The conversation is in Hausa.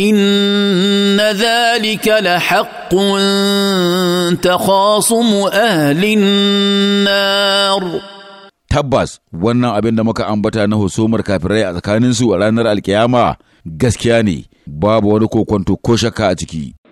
ان ذلك لحق تخاصم اهل النار tabbas wannan abin da muka ambata na husumar kafirai a tsakaninsu a ranar alkiyama gaskiya ne babu wani kokonto ko shakka a ciki